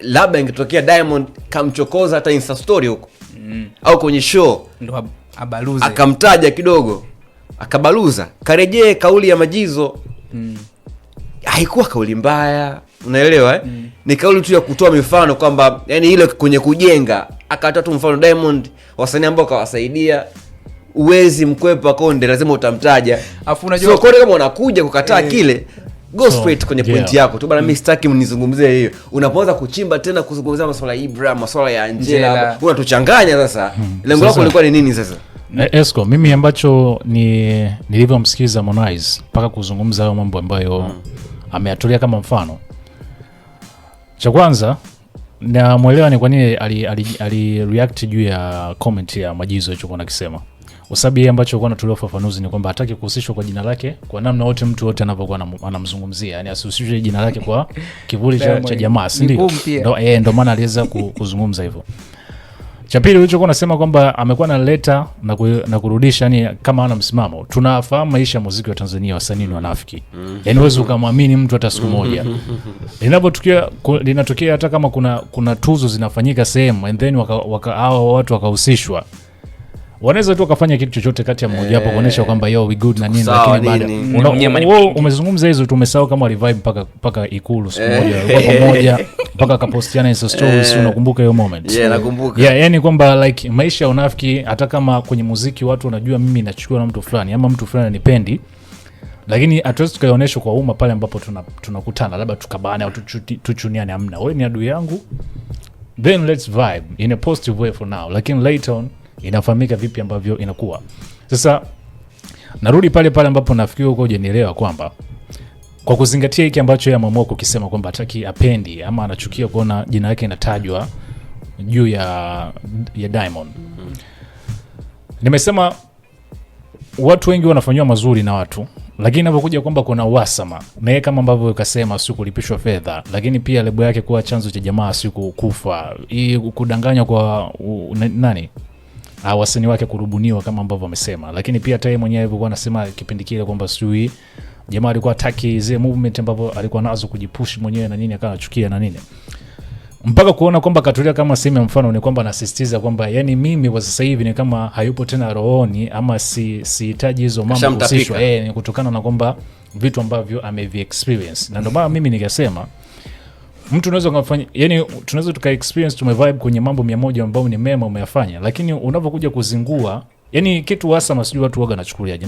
labda ingetokea Diamond kamchokoza hata insta story huko mm. au kwenye show ndo abaluze, akamtaja kidogo akabaluza, karejee kauli ya Majizo mm. haikuwa kauli mbaya, unaelewa eh? mm. ni kauli tu ya kutoa mifano kwamba yani ile kwenye kujenga, akatoa tu mfano Diamond, wasanii ambao kawasaidia uwezi mkwepa Konde, lazima utamtaja. so, kama unakuja kukataa eh, kile go straight kwenye yeah, point yako tu bana. Mimi mm. sitaki hiyo. Unapoanza kuchimba tena kuzungumzia ya Ibra, ya unatuchanganya sasa. Hmm. lengo lako ni nini sasa? Eh, Esco, mimi ambacho ni nilivyomsikiliza Harmonize mpaka kuzungumza hayo mambo ambayo mm. ameatulia kama mfano, cha kwanza namwelewa ni kwa nini ali, ali, ali juu ya comment ya Majizo ichokuwa nakisema kwa yeye ambacho alikuwa anatolewa ufafanuzi ni kwamba hataki kuhusishwa kwa jina lake kwa namna wote, mtu wote anapokuwa anamzungumzia, yani asihusishwe jina lake kwa kivuli cha, cha jamaa, si ndio? Ndio, eh, ndio maana aliweza kuzungumza hivyo. Cha pili ulichokuwa unasema kwamba amekuwa analeta na, na kurudisha, yani kama ana msimamo. Tunafahamu maisha ya muziki wa Tanzania, wasanii ni wanafiki, mm-hmm. yani huwezi ukamwamini mtu hata siku moja. Mm-hmm. Linapotukia linatokea hata kama kuna, kuna tuzo zinafanyika sehemu and then waka, waka, awa watu wakahusishwa wanaweza tu wakafanya kitu chochote kati ya mmoja wapo eh, kuonyesha kwamba yo we good na nini, lakini baada mm. wewe umezungumza hizo tu umesahau kama revive mpaka mpaka Ikulu siku eh. moja kwa pamoja mpaka kapostiana hizo stories, eh. unakumbuka hiyo moment? Yeah, nakumbuka. Yeah, yani kwamba like maisha ya unafiki, hata kama kwenye muziki watu wanajua mimi nachukua na mtu fulani ama mtu fulani anipendi lakini hatuwezi tukaionyesha kwa umma pale ambapo tunakutana, tuna labda tukabane au tuchuniane. Amna, wewe ni adui yangu, then let's vibe in a positive way for now, lakini later on inafahamika vipi ambavyo inakuwa. Sasa narudi pale pale ambapo nafikiri huko hujanielewa kwamba kwa kuzingatia hiki ambacho yeye ameamua kukisema kwamba hataki apendi ama anachukia kuona jina yake inatajwa juu ya, ya Diamond. Nimesema watu wengi wanafanyiwa mazuri na watu, lakini inapokuja kwamba kuna wasama na yeye kama ambavyo ukasema, si kulipishwa fedha, lakini pia lebo yake kuwa chanzo cha jamaa, si kufa, hii kudanganywa kwa u, nani Ah, wasanii wake kurubuniwa kama ambavyo wamesema, lakini pia hata mwenyewe alikuwa anasema kipindi kile kwamba sijui jamaa alikuwa ataki zile movement ambazo alikuwa nazo kujipush mwenyewe na nini, akawa anachukia na nini mpaka kuona kwamba katulia kama sehemu ya mfano ni kwamba anasisitiza kwamba yani, mimi kwa sasa hivi ni kama hayupo tena rohoni, ama sihitaji si hizo mambo kuhusishwa, eh, ni kutokana na kwamba vitu ambavyo amevi experience, na ndio mimi nikasema mtu unaweza kumfanya, yani tunaweza tuka experience tumevibe kwenye mambo mia moja ambayo ni mema umeyafanya, lakini unapokuja kuzingua, yani kitu hasa masijui watu waga nachukuliaje